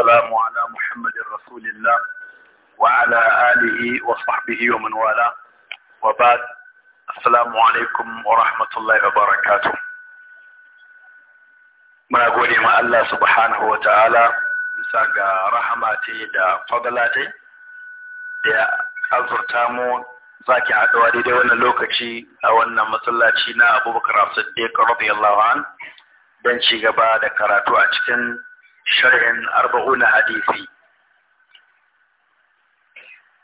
والسلام على محمد رسول الله وعلى آله وصحبه ومن والاه وبعد السلام alaikum wa rahmatullahi wa barakatu. muna gode ma Allah subhanahu wa ta'ala bisa ga rahama da fadala da azurta mu zaki haɗuwa daidai wannan lokaci a wannan masallaci na abubakar siddiq radiyallahu an don ci gaba da karatu a cikin sharhin arba'una hadisi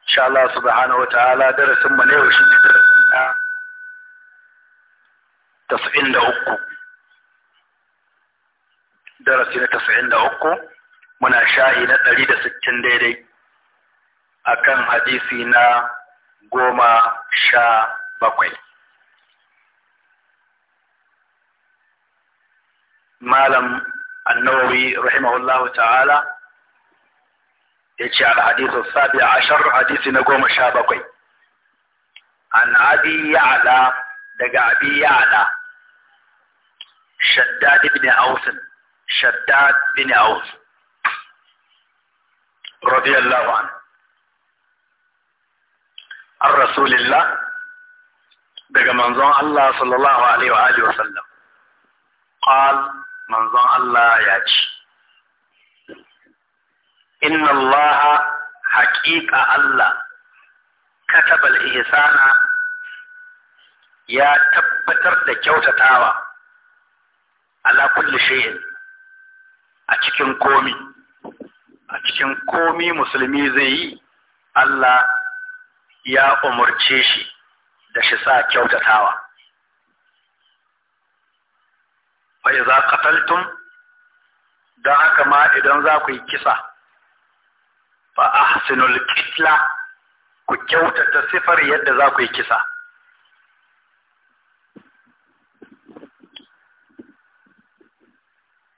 insha Allah subhanahu wataala darasin mu ne shi ne darasin da uku darasi da uku muna shayi na ɗari da sittin daidai akan hadisi na goma sha bakwai malam النووي رحمه الله تعالى يجي على حديث السابع عشر حديث نقوم الشابقي عن أبي يعلى دقى أبي يعلى شداد بن أوس شداد بن أوس رضي الله عنه الرسول الله دقى منظوم الله صلى الله عليه وآله وسلم قال manzon Allah ya ce inna Allah haƙiƙa Allah katabal ihsana ya tabbatar da kyautatawa ala kulli shay'in a cikin komi a cikin komi musulmi zai yi Allah ya umarce shi da shi sa kyautatawa fa idza qataltum dan haka ma idan za ku yi kisa fa ahsinul qitla ku kyautata sifar yadda za ku yi kisa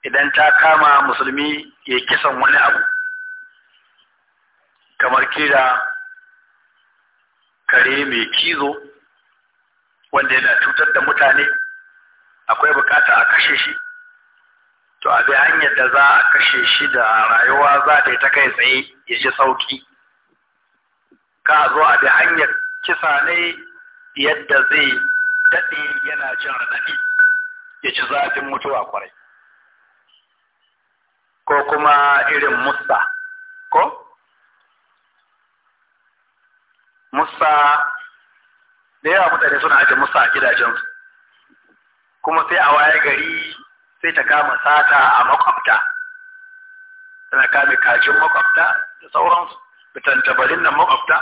idan ta kama musulmi ya kisan wani abu kamar kira kare mai kizo wanda yana cutar da mutane akwai bukata a kashe shi to a hanyar da za a kashe shi da rayuwa za ta yi ta kai tsaye ya ji sauki ka zo a bi hanyar kisa ne yadda zai daɗe yana jin raɗaɗi ya ci zafin mutuwa kwarai ko kuma irin musa ko musa da yawa mutane suna ajiye musa a gidajensu kuma sai a waye gari sai ta kama sata a makwabta tana kame kajin makwabta da sauransu bitantabarin nan makwabta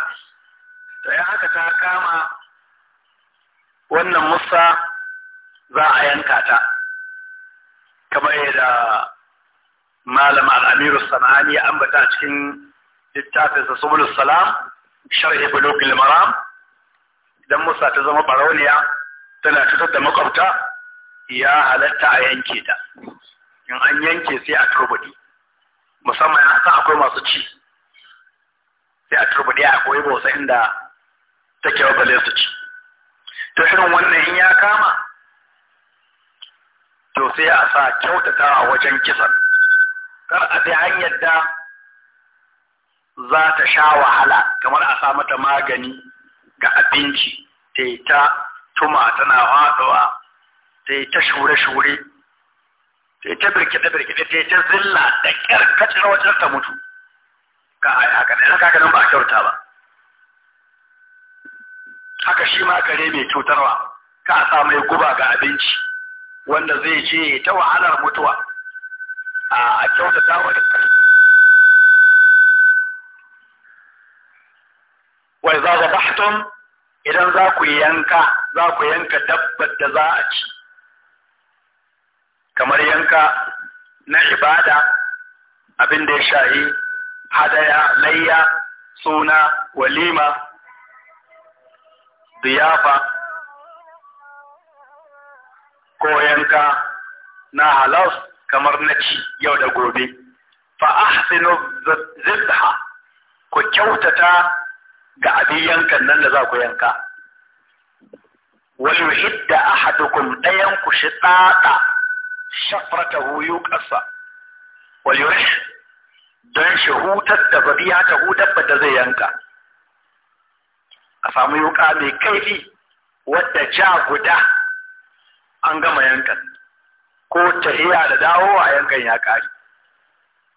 ta ya haka ta kama wannan musa za a yanka ta kamar yadda malam al'amiru sana'ani ya ambata cikin littafinsa subulus salam sharhi bulugul maram idan musa ta zama barauniya tana cutar da makwabta ya halatta a yanke ta in an yanke sai a turbudi musamman a san akwai masu ci sai a turbudi a koyi inda ta wa bale su ci to irin wannan in ya kama to sai a sa kyautata a wajen kisan kar a sai hanyar da za ta sha wahala kamar a sa mata magani ga abinci ta yi ta tuma tana faɗuwa ta yi ta shure-shure ta yi ta birkita-birkita ta yi ta zilla da kyar ta cira wajen ta mutu ka a haka ne haka haka ba a kyauta ba haka shi ma kare mai cutarwa ka a sa mai guba ga abinci wanda zai je ta wahalar mutuwa a kyauta ta wani wai za da idan za ku yanka za ku yanka dabbar da za a ci kamar yanka na ibada abin da ya shahi hadaya layya suna walima diyafa ko yanka na halas kamar na ci yau da gobe fa ahsinu zibha ku kyautata ga abin yankan nan da za ku yanka wal yuhidda ahadukum ɗayan ku shi tsada shafratahu yuqassa wa yurish dan shi hutar da babiya ta hutar ba ta zai yanka a samu yuka mai kaifi wadda ja guda an gama yankan ko ta tahiya da dawowa yankan ya kare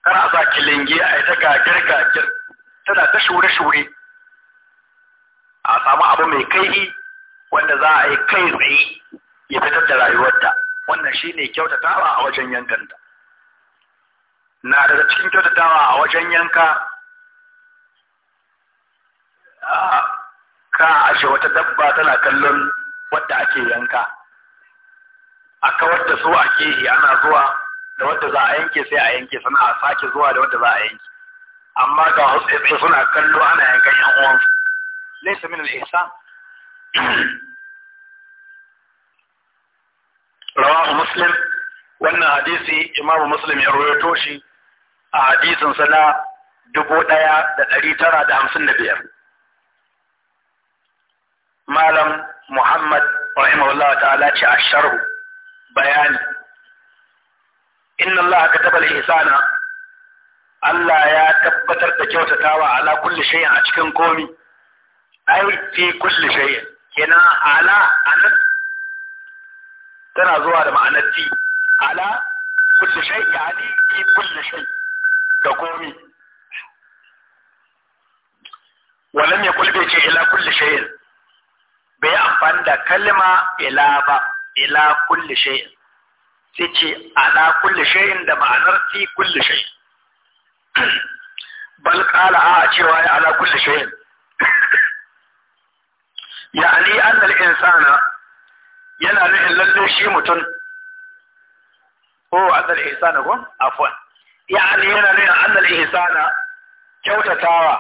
kar a sa kilinge a ita gagir gagir tana ta shure shure a samu abu mai kaifi wanda za a yi kai tsaye ya fitar da rayuwarta wannan shi ne kyautatawa a wajen yankanta na daga cikin kyautatawa a wajen yanka ka ashe wata dabba tana kallon wadda ake yanka a wadda zuwa su a ana zuwa da wadda za a yanke sai a yanke sana a sake zuwa da wadda za a yanke amma ga wasu suna kallo ana yankan yan uwansu laisa min al-ihsan rawahu muslim wannan hadisi imamu muslim ya rawaito shi a hadisin sa na dubu ɗaya da ɗari tara da hamsin da biyar malam muhammad rahimahullah ta'ala ce a sharhu bayani inna allaha kataba al-ihsana Allah ya tabbatar da kyautatawa ala kulli shay'in a cikin komi ai fi kulli shay'in kenan ala anan tana zuwa da ma'anar ti ala kulli shay yani fi kulli shay da komi walam yaqul bi ce ila kulli shay bai amfani da kalma ila ba ila kulli shay sai ce ala kulli shay da ma'anar fi kulli shay bal qala a cewa ya ala kulli shay يعني أن الإنسان yana nufin lallo shi mutum ko azal ihsana ko afwan yani yana nufin annal ihsana kyautatawa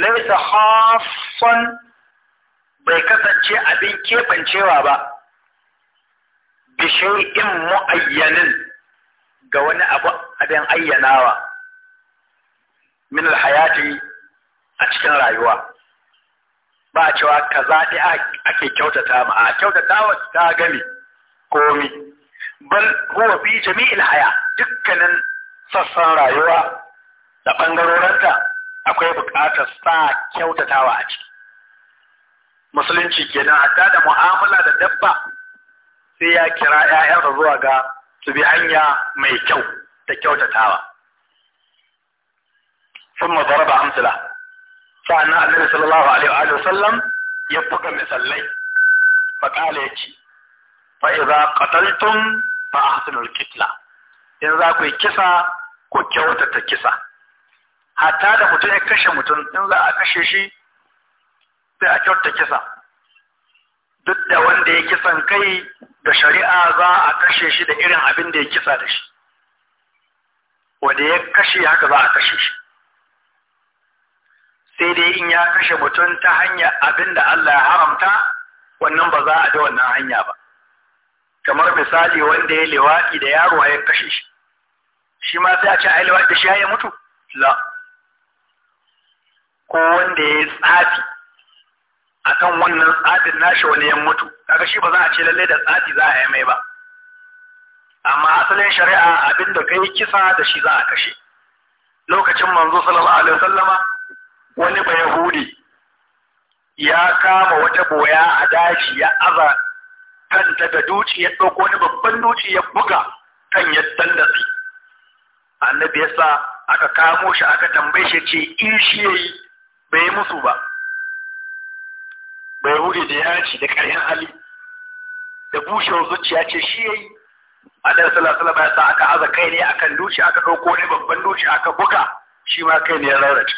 laysa khaffan bai kasance abin kebancewa ba bi shay'in muayyanin ga wani abu abin ayyanawa min alhayati a cikin rayuwa ba cewa kaza ne ake kyautata ma a kyautata wa ta gami komi bal huwa fi jami'il haya dukkanin sassan rayuwa da bangarorinta akwai buƙatar sa kyautatawa a ciki musulunci kenan hatta da mu'amala da dabba sai ya kira da zuwa ga su bi hanya mai kyau da kyautatawa sun mazaraba amsila sa'annan annabi sallallahu alaihi wa sallam ya buga misalai fa kala yace fa idza qataltum fa ahsinul kitla in za ku yi kisa ko kyautata kisa hatta da mutum ya kashe mutum in za a kashe shi sai a kyauta kisa duk da wanda ya kisan kai da shari'a za a kashe shi da irin abin da ya kisa da shi wanda ya kashe haka za a kashe shi sai dai in ya kashe mutum ta hanyar abin da Allah ya haramta wannan ba za a bi wannan hanya ba kamar misali wanda ya liwaɗi da yaro ya kashe shi shi ma sai a ce yi liwaɗi da shi ya mutu la ko wanda ya tsafi kan wannan tsafin nashi wani ya mutu kaga shi ba za a ce lallai da tsafi za a yi mai ba amma asalin shari'a abin da kai kisa da shi za a kashe lokacin manzo sallallahu alaihi wasallama wani bayahudi ya kama wata boya a daji ya aza kanta da duci ya ɗauko wani babban duci ya buga kan ya dandatsi annabi ya sa aka kamo shi aka tambaye shi ce in shi ya yi bai musu ba bai hude da yaci da ƙarfin hali da bushewar zuciya ce shi ya yi annabi sallallahu alaihi wasallam ya sa aka aza kai ne akan duci aka ɗauko wani babban duci aka buga shi ma kai ne ya rarrace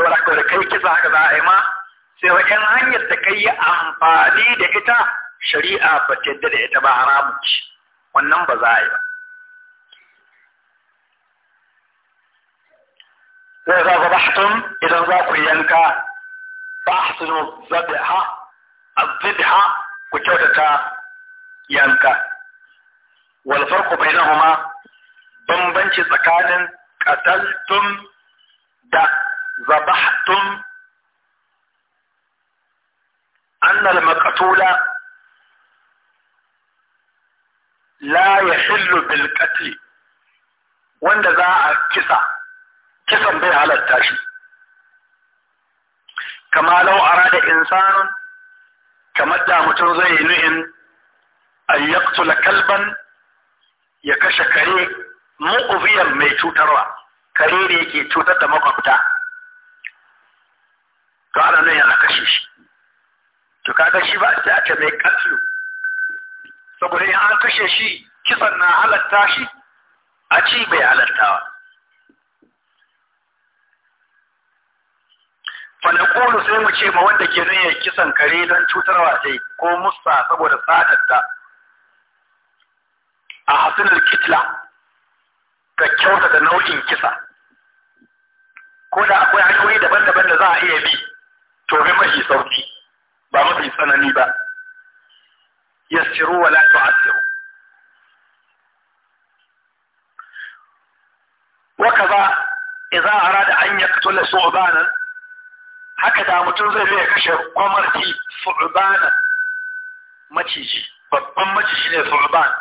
saboda da kai kisa haka za a yi ma sai wa in hanyar da kai yi amfani da ita shari'a ba ta yadda da ita ba haramun ce wannan ba za a yi ba sai za zabahtun idan za ku yanka ba ahsinu zabha azbha ku kyautata yanka wal farqu bainahuma bambanci tsakanin qataltum da ذبحتم أن المقتول لا يحل بالقتل وأن ذا كسا كسا به على التاشي كما لو أراد إنسان كما دا متنزي أن يقتل كلبا يكشكري مؤذيا ميتوترا كريري كي توتت مقبتا nan yana kashe shi to ga shi ba sai aka mai katlu saboda in an kashe shi kisan na halatta shi a ci bai halattawa falakulu sai mu ce ma wanda ke nan kisan kare don cutarwa sai ko musa saboda satatta a hasinar kitla ka kyauta da nau'in kisa ko da akwai hanyoyi daban-daban da za a iya bi tobe mafi sauki ba mafi tsanani ba yassiru wa la tu'assiru wakaza idza arada an yaqtula su'banan haka da mutum zai zai kashe kwamarci su'banan maciji babban maciji ne ba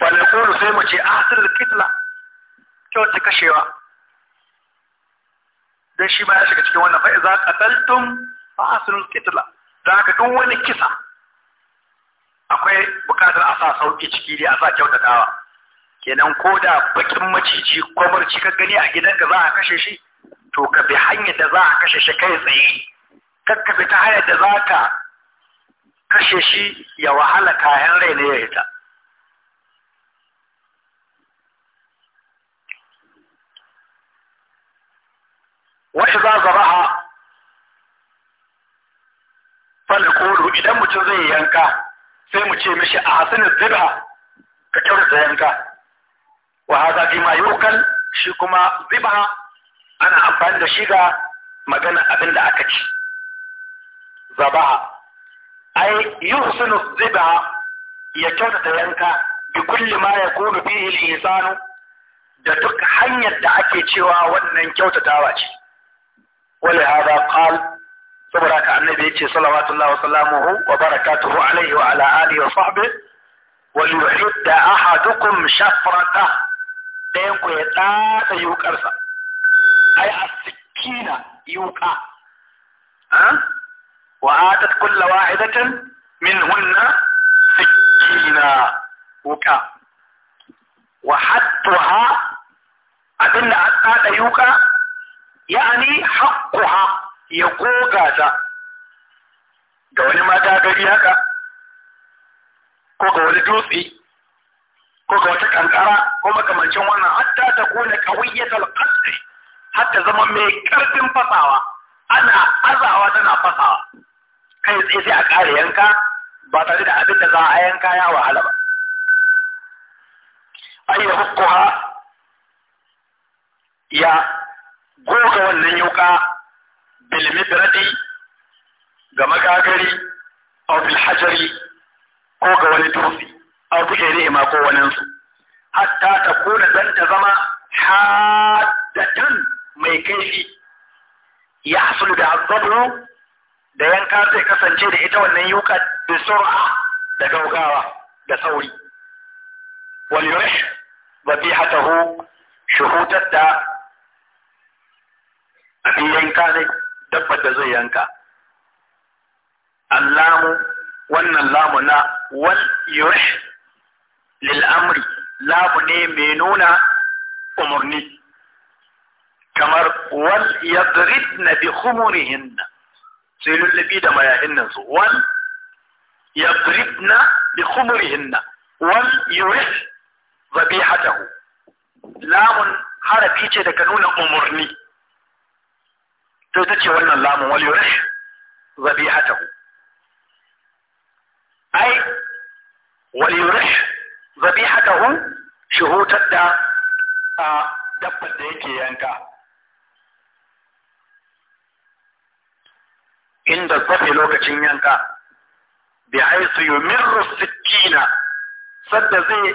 fa naqulu sai mace a ahsir al-qitla kashewa dan shi ba ya shiga cikin wannan fa idza qataltum fa asrul qitla dan haka duk wani kisa akwai bukatar a sa sauki ciki dai a sa kyautatawa kenan ko da bakin maciji ko barci ka gani a gidanka za a kashe shi to ka bi hanyar da za a kashe shi kai tsaye kar ka bi ta hanyar da za ka kashe shi ya wahala kayan rai ne ya hita وإذا idza zabaha إذا idan mutum zai yanka sai mu الزبع mishi a وهذا ziba ka kyautata yanka أنا hadha fi مجانا yukal shi kuma ziba ana amfani da shi ga magana abin da aka ci zabaha ai ya kyautata yanka da duk hanyar da ake cewa wannan kyautatawa ce ولهذا قال تبارك النبي صلوات الله وسلامه وبركاته عليه وعلى آله وصحبه وليحد أحدكم شفرته تنكو يتاس يوك أي السكينة يوكا ها وآتت كل واحدة منهن سكينة وكا وحدتها أدن أتاس يوكا ya'ani haƙƙuha ya goga ta ga wani mata gari haka ko ga wani dutse ko ga wata kankara ko makamancin wannan hatta ta kone kawiyyatal qasr hatta zama mai karfin fasawa ana azawa tana fasawa kai tsaye sai a kare yanka ba tare da abin da za a yanka ya wahala ba ayyuhukkuha ya goga wannan yauka bil ga makagari aw bil hajari ko ga wani dutse aw bi ne ma ko wani su hatta ta kuna dan ta zama haddatan mai kaifi ya hasulu da azabu da yanka zai kasance da ita wannan yuka da sur'a da gaugawa da sauri wal yurish babihatahu shuhudat da abin yanka ne dabbar da zai yanka allamu wannan lamu na wal yuh lil amri lamu ne mai nuna umarni kamar wal na bi khumurihinna sai lullubi da mayahin nan su wal na bi khumurihinna wal yuh zabihatahu lamun harafi ce daga nuna umarni to ta ce wannan lamun zabi yurish ku? ai zabi wal yurish zabihatahu shuhutar da a dabbar da yake yanka inda zafi lokacin yanka bi haisu yumirru sikina sadda zai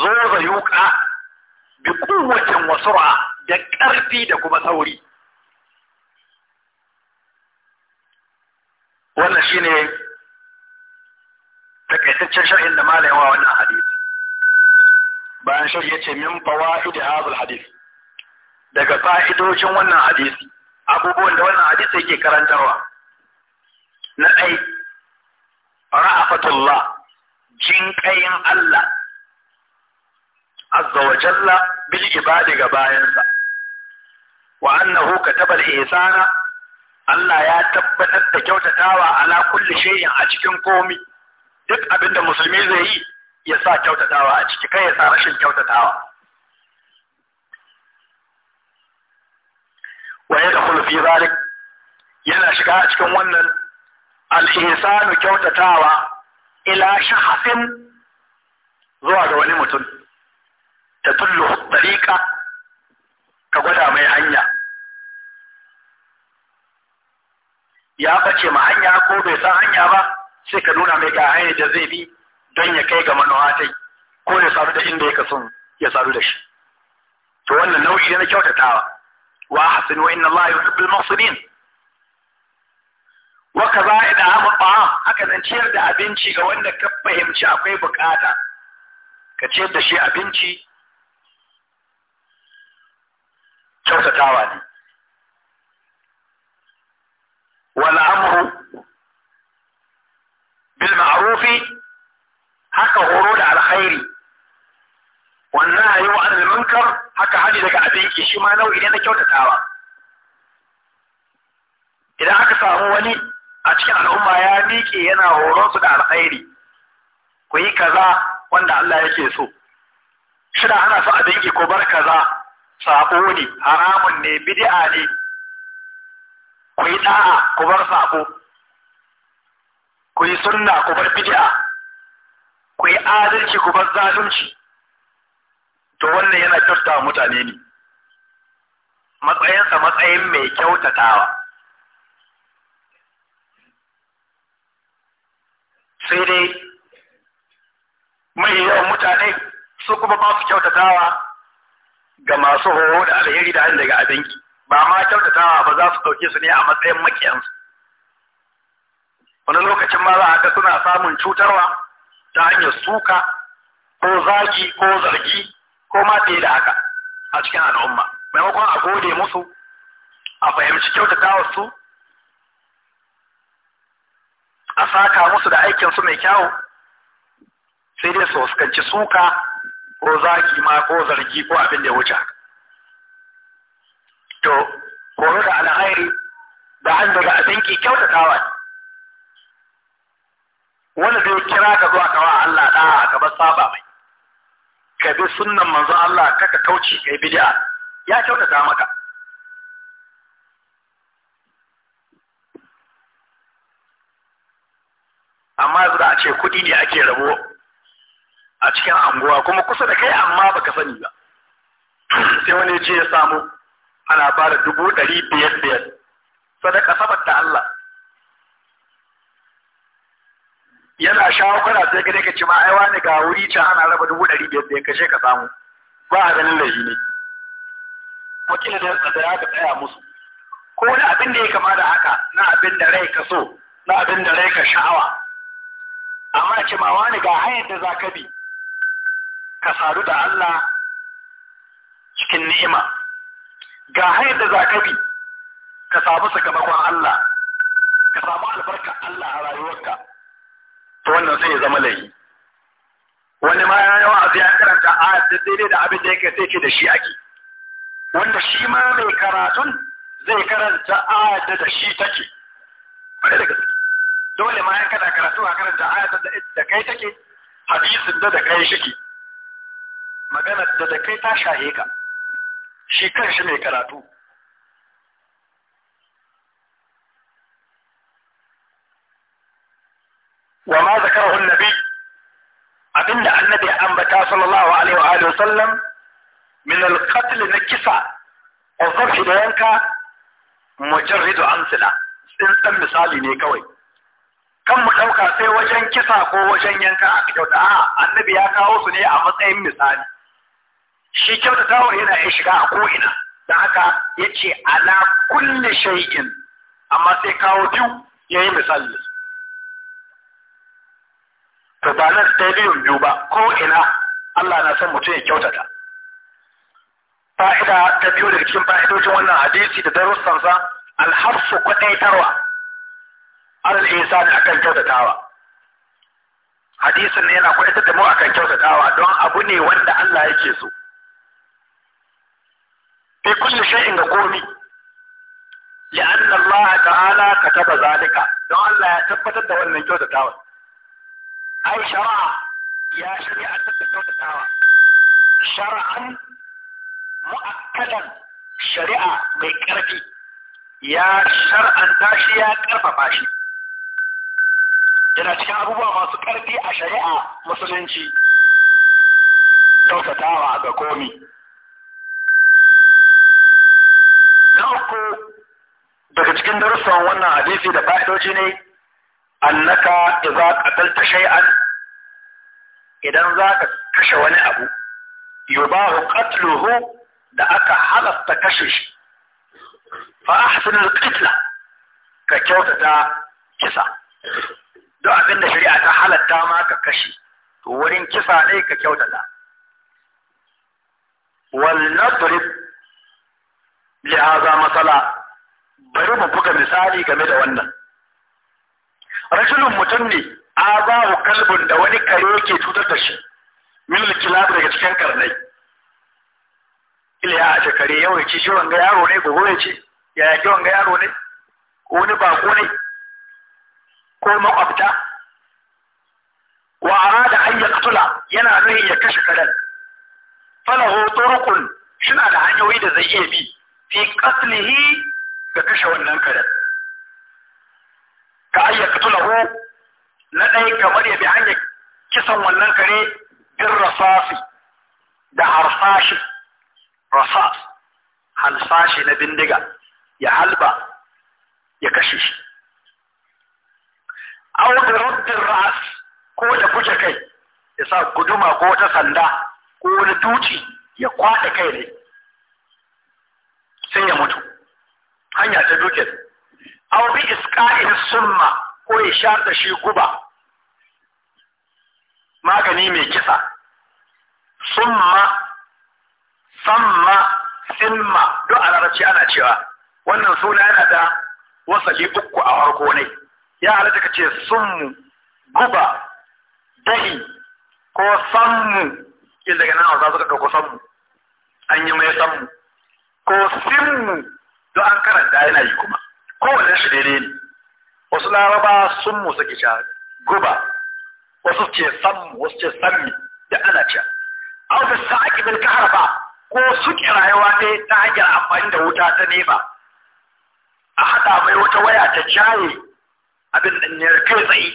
zo da yuka bi kuwatin wasur'a da ƙarfi da kuma sauri wannan shine takaitaccen sharhin da malamin wa wannan hadisi bayan sharhi ce min fawaid hadal hadisi. daga fa'idojin wannan hadisi abubuwan da wannan hadisi yake karantarwa na ɗai ra'afatullah jinƙayin Allah azza wa jalla bil ibadi ga bayansa wa annahu kataba al-ihsana Allah ya tabbatar da kyautatawa ala kulli shay'in a cikin komi duk abin da musulmi zai yi ya sa kyautatawa a ciki kai ya sa rashin kyautatawa wa yadkhulu fi zalik yana shiga a cikin wannan al-ihsanu kyautatawa ila shakhsin zuwa ga wani mutum ta tullu tariqa ka gwada mai hanya ya bace ma hanya ko bai san hanya ba sai ka nuna mai ga hanyar da zai bi don ya kai ga manowa tai ko ya sadu da inda ya kaso ya sadu da shi to wannan nau'i ne na kyautatawa wa hasin wa inna Allah yuhibbul muhsinin wa kaza ida amu ba haka nan ciyar da abinci ga wanda ka fahimci akwai bukata ka ciyar da shi abinci kyautatawa ne والأمر بالمعروف haka horo da alkhairi wannan ayu an munkar haka hali daga abin ki shi ma nau'i ne na kyautatawa idan aka samu wani a cikin al'umma ya miƙe yana horon su da alkhairi ku yi kaza wanda Allah yake so shida ana so a dangi ko bar kaza sabo ne haramun ne bid'a ne ku yi ɗa'a ku bar sako ku yi sunna ku bar bid'a ku yi adalci ku bar zalunci to wannan yana kyautata mutane ne matsayinsa matsayin mai kyautatawa sai dai mai yawan mutane su kuma ba su kyautatawa ga masu horo da alheri da hannun daga abinki ba ma kyautatawa ba za su ɗauke su ne a matsayin makiyansu wani lokacin ma za a ga suna samun cutarwa ta hanyar suka ko zaki ko zargi ko ma da haka a cikin al'umma maimakon a gode musu a fahimci kyautatawa su a saka musu da aikinsu mai kyawu sai dai su fuskanci suka ko zaki ma ko zargi ko abin da ya wuce haka to horo da alkhairi da an daga adanki kyautatawa wanda zai kira ka zuwa kawa Allah da ka bar saba mai ka bi sunnan manzon Allah ka ka kauce kai bid'a ya kyautata maka amma yanzu da a ce kudi ne ake rabo a cikin anguwa kuma kusa da kai amma baka sani ba sai wani ce ya samu ana ba da dubu ɗari biyar biyar sadaka ta Allah yana shawo kana sai gare ka ci ma aiwa ne ga wuri can ana raba dubu ɗari biyar biyar kashe ka samu ba a ganin laifi ne wakil da tsada ya tsaya musu ko wani abin da ya kama da haka na abin da rai ka so na abin da rai ka sha'awa amma ce ma wani ga hanyar da za ka bi ka sadu da Allah cikin ni'ima ga hanyar da za ka bi ka samu sakamakon Allah ka samu albarkar Allah a rayuwarka to wannan sai ya zama laifi wani ma ya yawa sai ya karanta a daidai da abin da yake sai ke da shi ake wanda shi ma mai karatun zai karanta a da shi take bare da gaske dole ma ya kada karatu a karanta ayatar da kai take hadisin da da kai shike magana da da kai ta shahe ka shi kanshi mai karatu wa ma zakarahu annabi abinda annabi ya ambata sallallahu alaihi wa alihi min al na kisa wa zabhi da yanka mujarridu amsila tsintsan misali ne kawai kan mu ɗauka sai wajen kisa ko wajen yanka a kyauta a annabi ya kawo su ne a matsayin misali shi kyautatawa yana ya shiga a ko'ina da haka ya ce ala kulle shaikin, amma sai kawo biyu ya yi misali ta ba nan ta biyun biyu ba ko'ina Allah na son mutum ya kyautata fa'ida ta biyu daga cikin fa'idojin wannan hadisi da darussansa alharsu kwaɗaitarwa isa ne akan kyautatawa hadisin ne yana kwaɗaitar da mu akan kyautatawa don abu ne wanda Allah yake so في كل شيء نقومي لأن الله تعالى كتب ذلك لأن الله تبت الدول من جود التاوي أي شرع يا شريعة الدكتور التاوي شرعا مؤكدا شريعة بكرتي يا شرعا تاشي يا كرفة باشي Yana cikin abubuwa masu ƙarfi a shari'a musulunci, ɗauka tawa na daga cikin darussan wannan hadisi da fa'idoji ne annaka idza qatalta shay'an idan za ka kashe wani abu yubahu qatluhu da aka halasta kashe shi fa ahsin al ka kyautata kisa don abin da shari'a ta halatta ma ka kashe to wurin kisa ne ka kyautata wal nadrib li haza masala bari mu buga misali game da wannan rajulun mutum ne azahu kalbun da wani kare yake cutar da shi min kilab daga cikin karnai iliya a ce kare yau ya ci shi wanga yaro ne gobe ya ce ya yaki wanga yaro ne ko wani bako ne ko makwabta wa arada an yaqtula yana nuhin ya kashe karen falahu turuqun suna da hanyoyi da zai iya bi fi qatlihi ga kashe wannan karen ka ayyaka tulahu na ɗaya kamar ya bi hanyar kisan wannan kare bin rasasi da harsashi rasas harsashi na bindiga ya halba ya kashe shi aw da rabbin ra'as ko da kuje kai ya sa guduma ko ta sanda ko wani duci ya kwaɗa kai ne sai ya mutu hanya ta duke aw bi isqa'in summa ko ya shar shi guba magani mai kisa summa samma simma duk a larabci ana cewa wannan suna yana da wasali uku a farko ne ya halatta ka ce summu guba dahi ko sammu in daga nan hausa suka ko sammu an yi mai sammu ko sinmu don an karanta yana yi kuma kowane shi daidai ne wasu laraba sun mu suke sha guba wasu ce sammu wasu ce sammi da ana ce au da sa bil kaharfa ko suke rayuwa ne ta hanyar amfani da wuta ta nefa a haɗa mai wata waya ta jaye abin da ne kai tsaye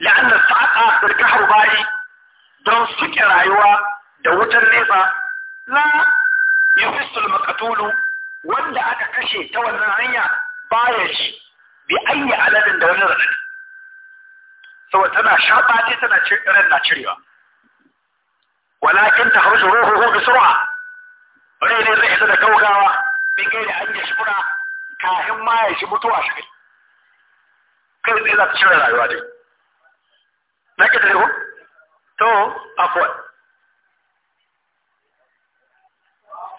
la'anna sa'a bil ne don suke rayuwa da wutar nefa la yufisul makatulu wanda aka kashe ta wannan hanya baya ji bi ayi aladin da wani radadi saboda tana shafa ce tana ran na cirewa walakin ta harshe ruhu bi sur'a rai ne zai isa da gaugawa bin gaida an yi shifura kafin ma ya shi mutuwa shi kai kai zai za ta cire rayuwa dai na ka ko to afwan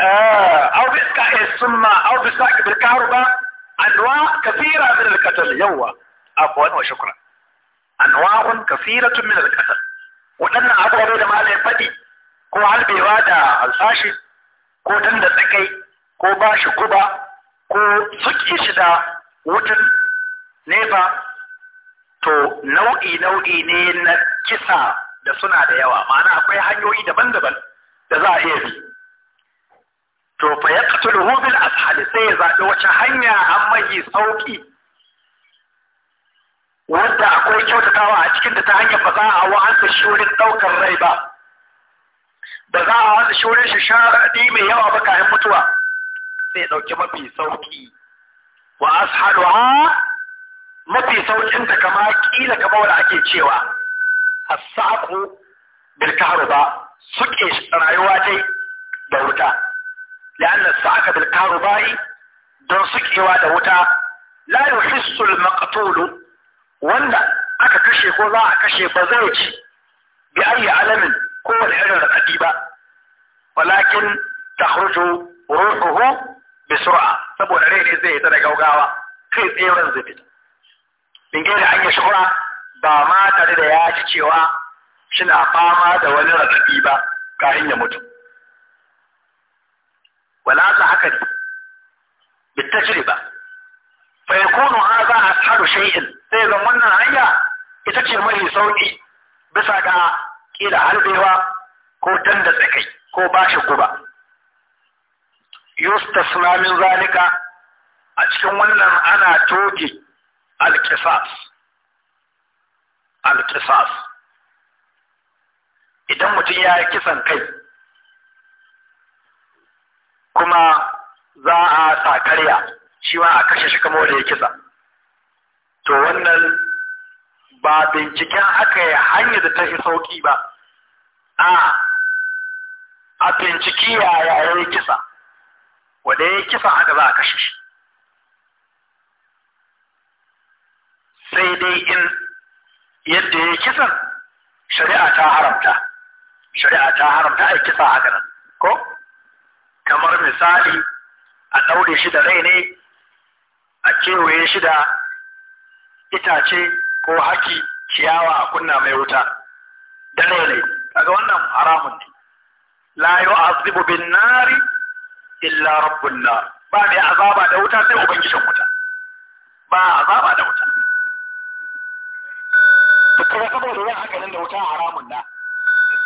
أو بإسكاء السمة أو بإسكاء بالكهرباء أنواع كثيرة من القتل يوا عفوا وشكرا أنواع كثيرة من القتل وأن أبو da malam faɗi ko halbewa da alfashi ko dan da tsakai ko ba shi guba ko suke shi da wutan nefa to nau'i nau'i ne na kisa da suna da yawa ma'ana akwai hanyoyi daban-daban da za a iya bi to fa ya qatuluhu bil ashali sai ya zaɓi wace hanya an mai sauki wanda akwai kyautatawa a cikin da ta hanya ba za a wa'ansa shurin wurin ɗaukar rai ba ba za a shurin shi shara shi mai yawa ba kayan mutuwa sai ya ɗauki mafi sauki wa ashaluha mafi saukin ta kama kila kama wanda ake cewa as-saqu bil ba suke rayuwa dai da wuta لأن الصعق بالكهرباء don sukewa da wuta la yuhissul maqtulu wanda aka kashe ko za a kashe ba zai ci bi ayi alamin ko wani irin raɗaɗi ba walakin takhruju ruhuhu bai sur'a saboda rai ne zai ta da gaugawa kai tse zubi bin gaira an ba da ya cewa shina fama da wani ba ya mutu ولا تعقد بالتجربة فيكون هذا أسهل شيء wannan hanya, ita ce mai sauƙi. bisa ga ƙila halbewa ko danda tsakai ko bashi guba yustasna min zalika a cikin wannan ana toge alkisas alkisas idan mutum ya yi kisan kai za a sa karya shi ma a kashe shi kamar wanda ya kisa to wannan ba binciken aka yi hanyar da ta fi sauki ba a a binciki yaya ya yi kisa wanda ya yi kisa haka za a kashe shi sai dai in yadda ya yi kisan shari'a ta haramta shari'a ta haramta a kisa haka nan ko kamar misali a ɗaure shi da rai ne a kewaye shi da itace ko haki ciyawa a kunna mai wuta da rai ne kaga wannan haramun ne la yu'azibu bin nari illa rabbun nar ba mai azaba da wuta sai ubangijin wuta ba azaba da wuta kuma saboda yin haka nan da wuta haramun na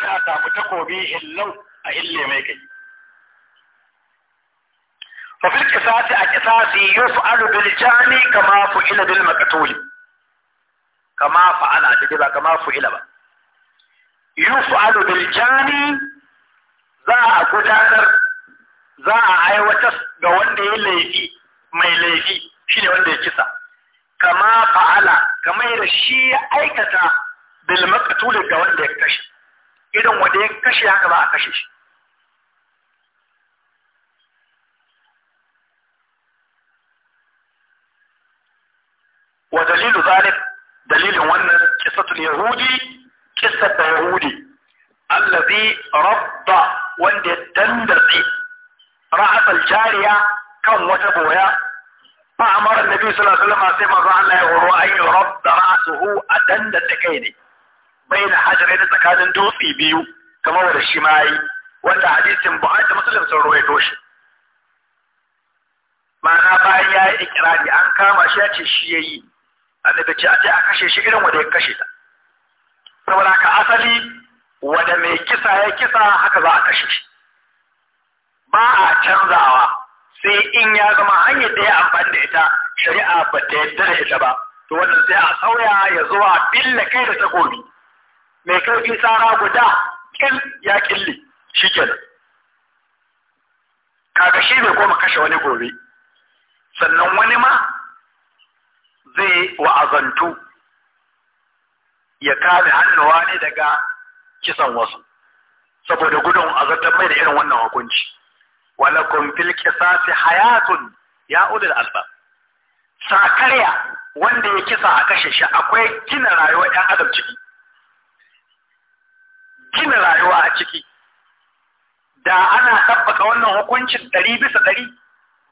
ta samu takobi illau a ille mai kai ففي القصاص القصاص يفعل بالجاني كما فعل بالمقتول كما فعل تجيبا كما فعل با يفعل بالجاني za a gudanar za a aiwatar ga wanda ya laifi mai laifi shine wanda ya kisa kama fa'ala kamar da shi ya aikata bil maqtul ga wanda ya kashe irin wanda ya kashe haka ba a kashe shi ودليل ذلك دليل أن قصة اليهودي قصة يهودي الذي رد وند الدندسي رأس الجارية كم وتبويا فأمر النبي صلى الله عليه وسلم سيما أن يرد رأسه أتندس كيني بين حجرين تكادن دوسي بيو كما هو الشماعي وانت hadisin Buhari Muslim sun ruwaito shi ma'ana bayan ya yi ikirari an kama annabi ce a ce a kashe shi irin wanda ya kashe ta saboda ka asali wanda mai kisa ya kisa haka za a kashe shi ba a canzawa sai in ya zama hanyar da ya amfani da ita shari'a ba ta yadda da ita ba to wannan sai a sauya ya zuwa billa kai da takobi mai karfi tsara guda kil ya kille nan. kaga shi bai koma kashe wani gobe sannan wani ma zai wa'azantu ya kame hannuwa ne daga kisan wasu saboda gudun azantar mai da irin wannan hukunci walakum fil fi hayatun ya ulul Sa sakarya wanda ya kisa a kashe shi akwai gina rayuwa ɗan adam ciki gina rayuwa a ciki da ana tabbaka wannan hukuncin ɗari bisa ɗari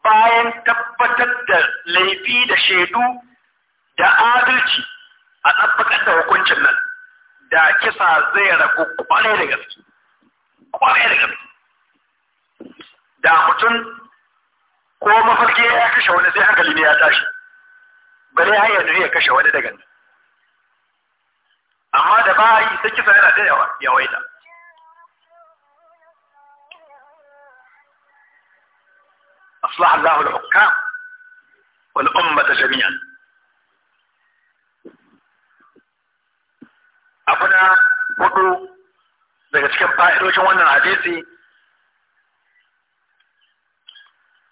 bayan tabbatar da laifi da shaidu da adalci a tsabbakar da hukuncin nan da kisa zai ragu kwarai da gaske kwarai da gaske da mutum ko mafarki ya kashe wani sai hankali ne ya tashi bare har yanzu ya kashe wani daga nan amma da ba yi sai kisa yana da yawaita أصلح الله الحكام والأمة جميعا abu na hudu daga cikin fa'idojin wannan hadisi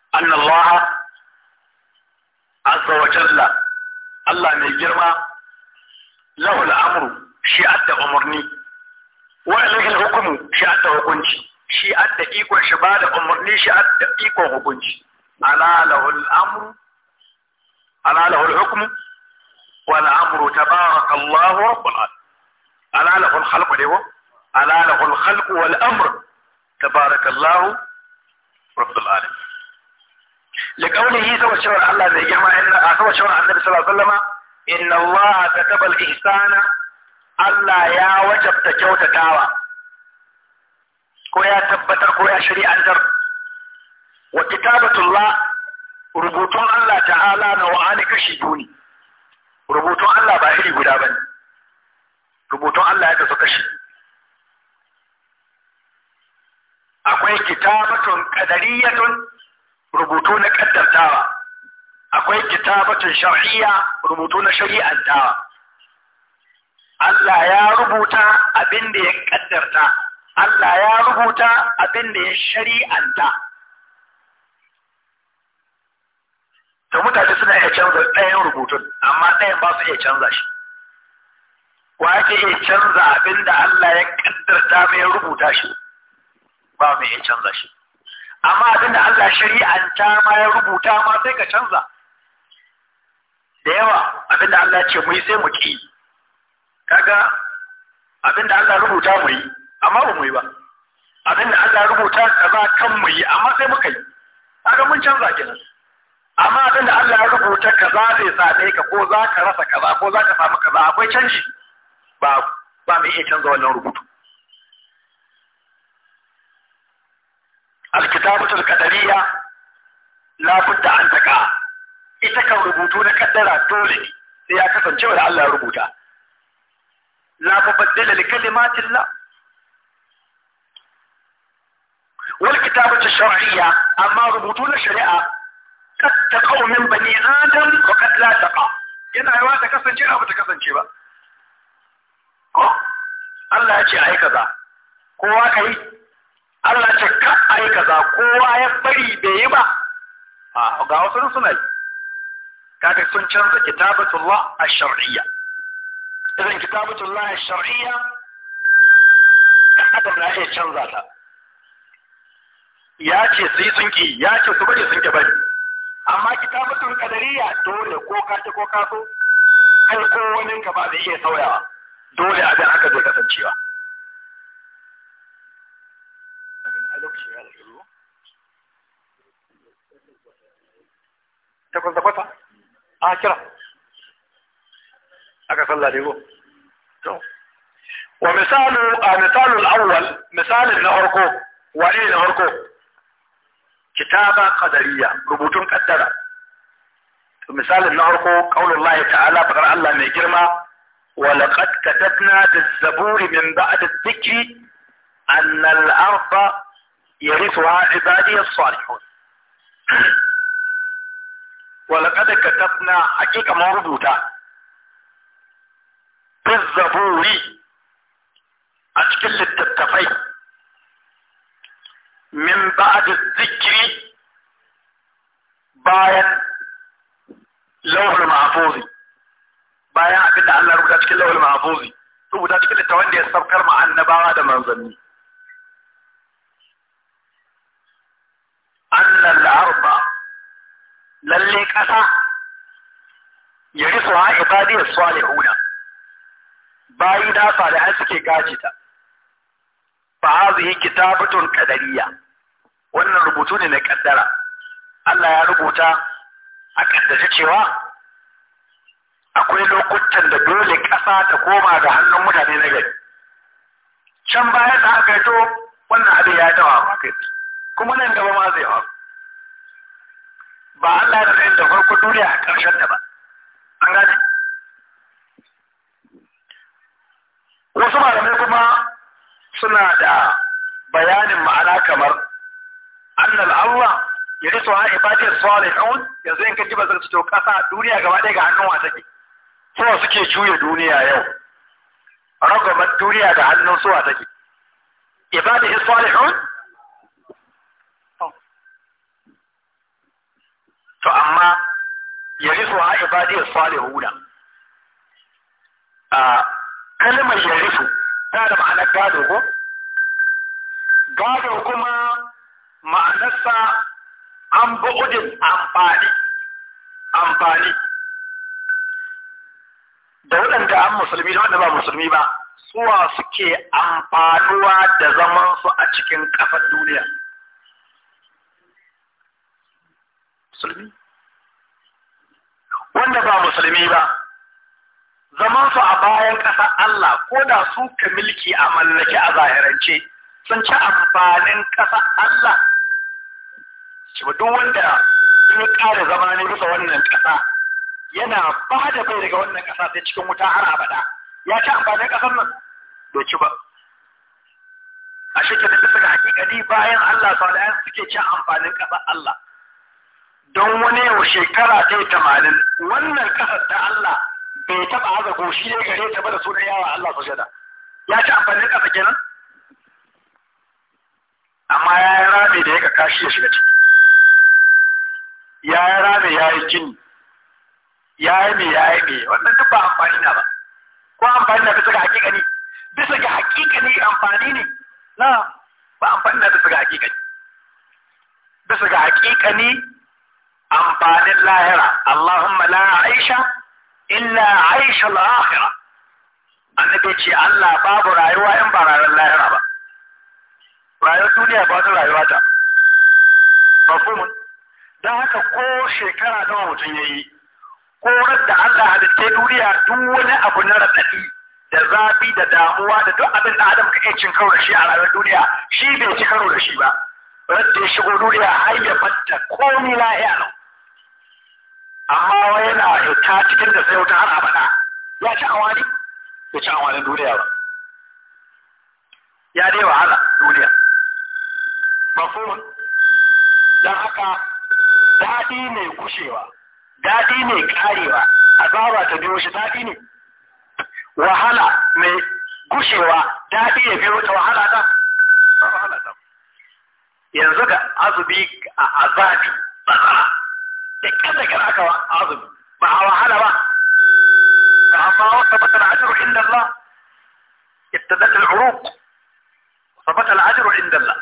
أن الله عز وجل الله من جرما له الأمر شيئة أمرني وإليه الحكم شيئة حكمتي شيئة إيكو شبال أمرني شيئة إيكو حكمتي ألا له الأمر ألا له الحكم والأمر تبارك الله رب العالمين ala lahul khalqu dewo ala lahul khalqu wal amr tabarakallahu rabbul alamin liqawlihi saw shawar allah zai jama inna akawa shawar annabi sallallahu alaihi wasallam inna allah kataba al ihsana allah ya wajabta kyautatawa ko ya tabbatar ko ya shari'antar wa kitabatullah rubutun allah ta'ala na wa'ani kashi duni rubutun allah ba iri guda ba ne. rubutun Allah ya kasu kashi akwai kitabatun qadariyatun rubutu na kaddartawa akwai kitabatun shar'iyya rubutu na shari'antawa Allah ya rubuta abin da ya kaddarta Allah ya rubuta abin da ya shari'anta Ta mutane suna iya canza ɗayan rubutun amma ɗayan ba su iya canza shi wa ake iya canza abin da Allah ya kaddarta mai rubuta shi ba mai iya canza shi amma abin da Allah shari'anta ma ya rubuta ma sai ka canza da yawa abin da Allah ce mu yi sai mu ki kaga abin da Allah rubuta mu yi amma ba mu yi ba abin da Allah rubuta kaza kan mu yi amma sai muka yi kaga mun canza kenan amma abin da Allah ya rubuta kaza zai same ka ko za ka rasa kaza ko za ka samu kaza akwai canji ba ba mai iya canza wannan rubutu alkitabatul qadariyya la budda an taka ita kan rubutu na kaddara dole sai ya kasance wa Allah ya rubuta la mubaddala li kalimatillah wal kitabatu shar'iyya amma rubutu na shari'a kad taqaw min bani adam wa kad la taqa yana yawa ta kasance ba ta kasance ba ko Allah ya ce a yi kaza kowa ka yi Allah ce ka yi kaza kowa ya bari bai yi ba a ga wasu suna yi kaga sun canza kitabatullah a shariyya idan kitabatullah a shariyya adam na iya canza ta ya ce su yi sunki, ya ce su bari sunki bari amma kitabatun kadariya dole ko ka ko ka so kai ko wani ka ba zai iya sauyawa dole abin haka zai kasancewa takwas da kwata a kira aka sallah ne ko wa misalu a misalul awwal misalin na farko wani na farko kitaba qadariya rubutun kaddara misalin na farko qaulullahi ta'ala bakar Allah mai girma ولقد كتبنا في الزبور من بعد الذكر أن الأرض يرثها عبادي الصالحون ولقد كتبنا حقيقة مربوطة في الزبور أشكل التفاي من بعد الذكر باين لوح المحفوظ bayan abin da Allah rubuta cikin lawal mahfuzi rubuta cikin littafin da ya sabkar ma annabawa da manzanni annal arba lalle kasa yarisu ha ibadiyas salihuna bayi da salihai suke gaji ta fa hazihi kitabatun qadariyya wannan rubutu ne na kaddara Allah ya rubuta a kaddace cewa akwai lokutan da dole ƙasa ta koma ga hannun mutane na gari can baya da aka yi to wannan abin ya dawa ma kai kuma nan gaba ma zai faru ba Allah da zai da farko duniya a ƙarshen da ba an gaji wasu malamai kuma suna da bayanin ma'ana kamar annal Allah ya risu ha ibadiyar salihun yanzu in ka ji ba zai to ƙasa duniya gaba ɗaya ga hannun wa take suwa suke juya duniya yau ragamat duniya da hannun suwa take ibadihi salihun to amma yarisu ha ibadihi salihun a kalmar yarisu ta da ma'anar gado ko gado kuma ma'anarsa an bu'udin amfani amfani da waɗanda an musulmi da waɗanda ba musulmi ba suwa suke amfanuwa da zaman su a cikin kafar duniya musulmi wanda ba musulmi ba zaman su a bayan ƙasa Allah ko da su ka milki a mallake a zahirance sun ci amfanin ƙasa Allah ci duk wanda ya ƙara zama ne bisa wannan ƙasa yana ba da bai daga wannan ƙasa sai cikin wuta har abada ya ci amfanin ƙasar nan bai ci ba a shi kenan bisa ga hakikani bayan Allah salihan suke cin amfanin ƙasar Allah don wani yau shekara ta yi tamanin wannan ƙasar ta Allah bai taɓa haza shi ne gare ta ba da sunan yawa Allah su jada ya ci amfanin ƙasa kenan amma ya yi rami da ya ka kashi ya shiga ciki ya yi rami ya yi gini ya yi me ya yi me wannan duk ba amfani na ba ko amfani na bisa ga hakikani bisa ga hakikani amfani ne na ba amfani na bisa ga hakikani bisa ga hakikani amfanin lahira Allahumma la aisha illa aisha al-akhirah annabi ce Allah babu rayuwa in ba rayuwar lahira ba rayuwar duniya ba ta rayuwa ta mun. dan haka ko shekara nawa mutum yayi korar da Allah halitta duniya duk wani abu na raɗaɗi da zafi da damuwa da duk abin da Adam ka cin karo da shi a rayuwar duniya shi bai ci karo da shi ba radda ya shigo duniya har ya fatta komi lahiya nan amma wai yana ta cikin da sai wuta har abada ya ci awani ya ci awani duniya ba ya dai wahala duniya mafhum don haka daɗi mai gushewa daɗi ne ƙarewa azaba ta biyo shi daɗi ne wahala mai gushewa daɗi ya biyo ta wahala ta yanzu ga azubi a azabi bazara da kada kira aka wa azubi ba a wahala ba ga amma wata batar ajiyar inda Allah ابتدت العروق ثبت العجر عند الله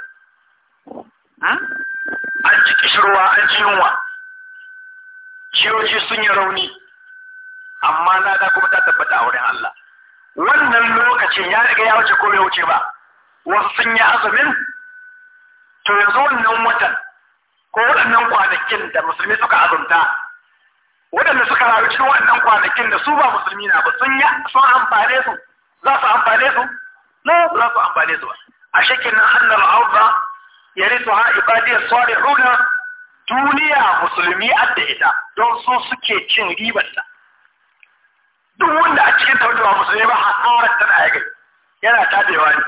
an ci kishirwa an ci yunwa jiyoji sun yi rauni amma lada kuma ta tabbata a wurin Allah wannan lokacin ya riga ya wuce ko bai wuce ba wasu sun yi azumin to yanzu wannan watan ko waɗannan kwanakin da musulmi suka azumta waɗanda suka rayu cikin waɗannan kwanakin da su ba musulmi na ba sun yi sun amfane su za su amfane su na za su amfane su ba a shekin nan annal auza su ha ibadiyya salihuna duniya musulmi a da ita don su suke cin ribarta duk wanda a cikin tabbata ba musulmi ba hasarar tana ya gai yana tabewa ne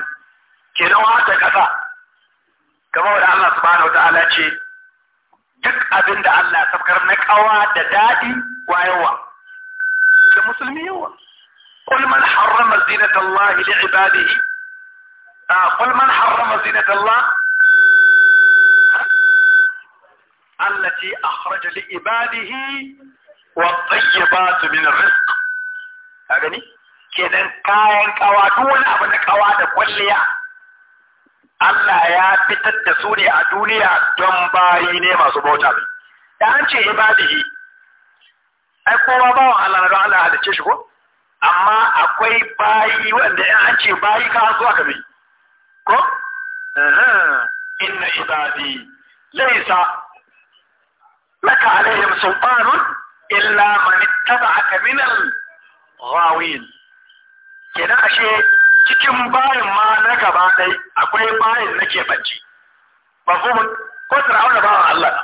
kenan wata kasa kamar da Allah subhanahu wa ta'ala ce duk abin da Allah sabkar na kawa da dadi wayawa da musulmi yawa قل من حرم زينة الله لعباده قل من حرم زينة الله التي أخرج لعباده والطيبات من الرزق أغني كذا كائن كوادون أبن كواد كلية الله يا بيتت دسوني أدوني أدوم بايني ما سبوتا بي يعني عباده أكو وضعه على نرى على هذا الشيشكو أما أكوي باي وأن يعني باي كأسوا كبي كو أه. إن عبادي ليس laka alaihim sultanun illa man ittaba'aka min al-ghawin kenan ashe cikin bayin ma na gaba dai akwai bayin nake bacci mafhumun ko fir'auna bawan Allah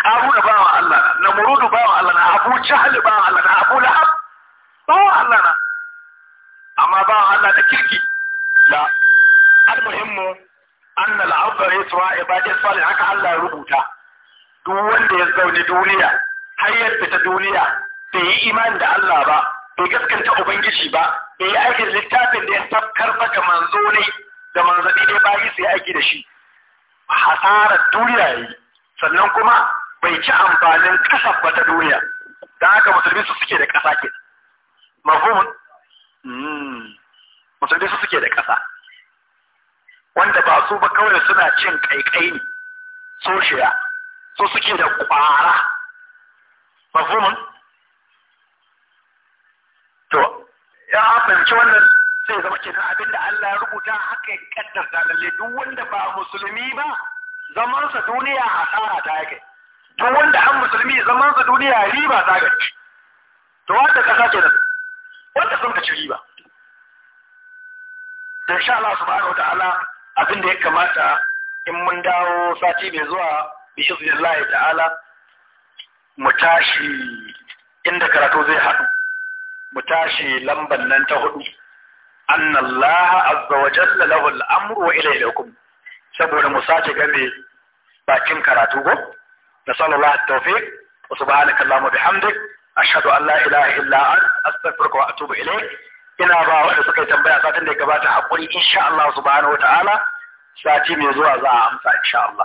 Qaruna bawan Allah na Namurudu bawan Allah na Abu Jahl bawan Allah na Abu Lahab bawan Allah na amma bawan Allah da kirki la al-muhimmu anna al-abda yaswa ibadi salih haka Allah ya rubuta duk wanda ya zaune duniya har ya fita duniya bai yi imani da Allah ba bai gaskanta ubangiji ba bai yi aikin littafin da ya tafkar maka manzo ne da manzabi ne bayi su yi aiki da shi hasarar duniya yi sannan kuma bai ci amfanin kasa ba ta duniya da haka musulmi su suke da ƙasa ke mafhumun hmm. musulmi su suke da ƙasa wanda ba su ba kawai suna cin ƙaiƙai ne soshiya su suke da ƙwara mafhumin to ya fahimci wannan sai zama kenan abinda Allah ya rubuta haka ya da lalle duk wanda ba musulmi ba zamansa duniya hasara ta yake duk wanda an musulmi zamansa duniya riba ta yake to wanda kasa kenan wanda sun ka ci riba da sha Allah ba'a wata ala abinda ya kamata in mun dawo sati mai zuwa bi iznillahi ta'ala mu tashi inda karatu zai haɗu mu tashi lamban nan ta hudu annallaha azza wa jalla amru wa ilayhi al-hukm saboda mu sace game bakin karatu go nasallallahu at-tawfiq wa subhanaka allahumma wa ina ba wanda suka yi tambaya satin da ya gabata hakuri insha Allah subhanahu wa ta'ala sati mai zuwa za a amsa insha Allah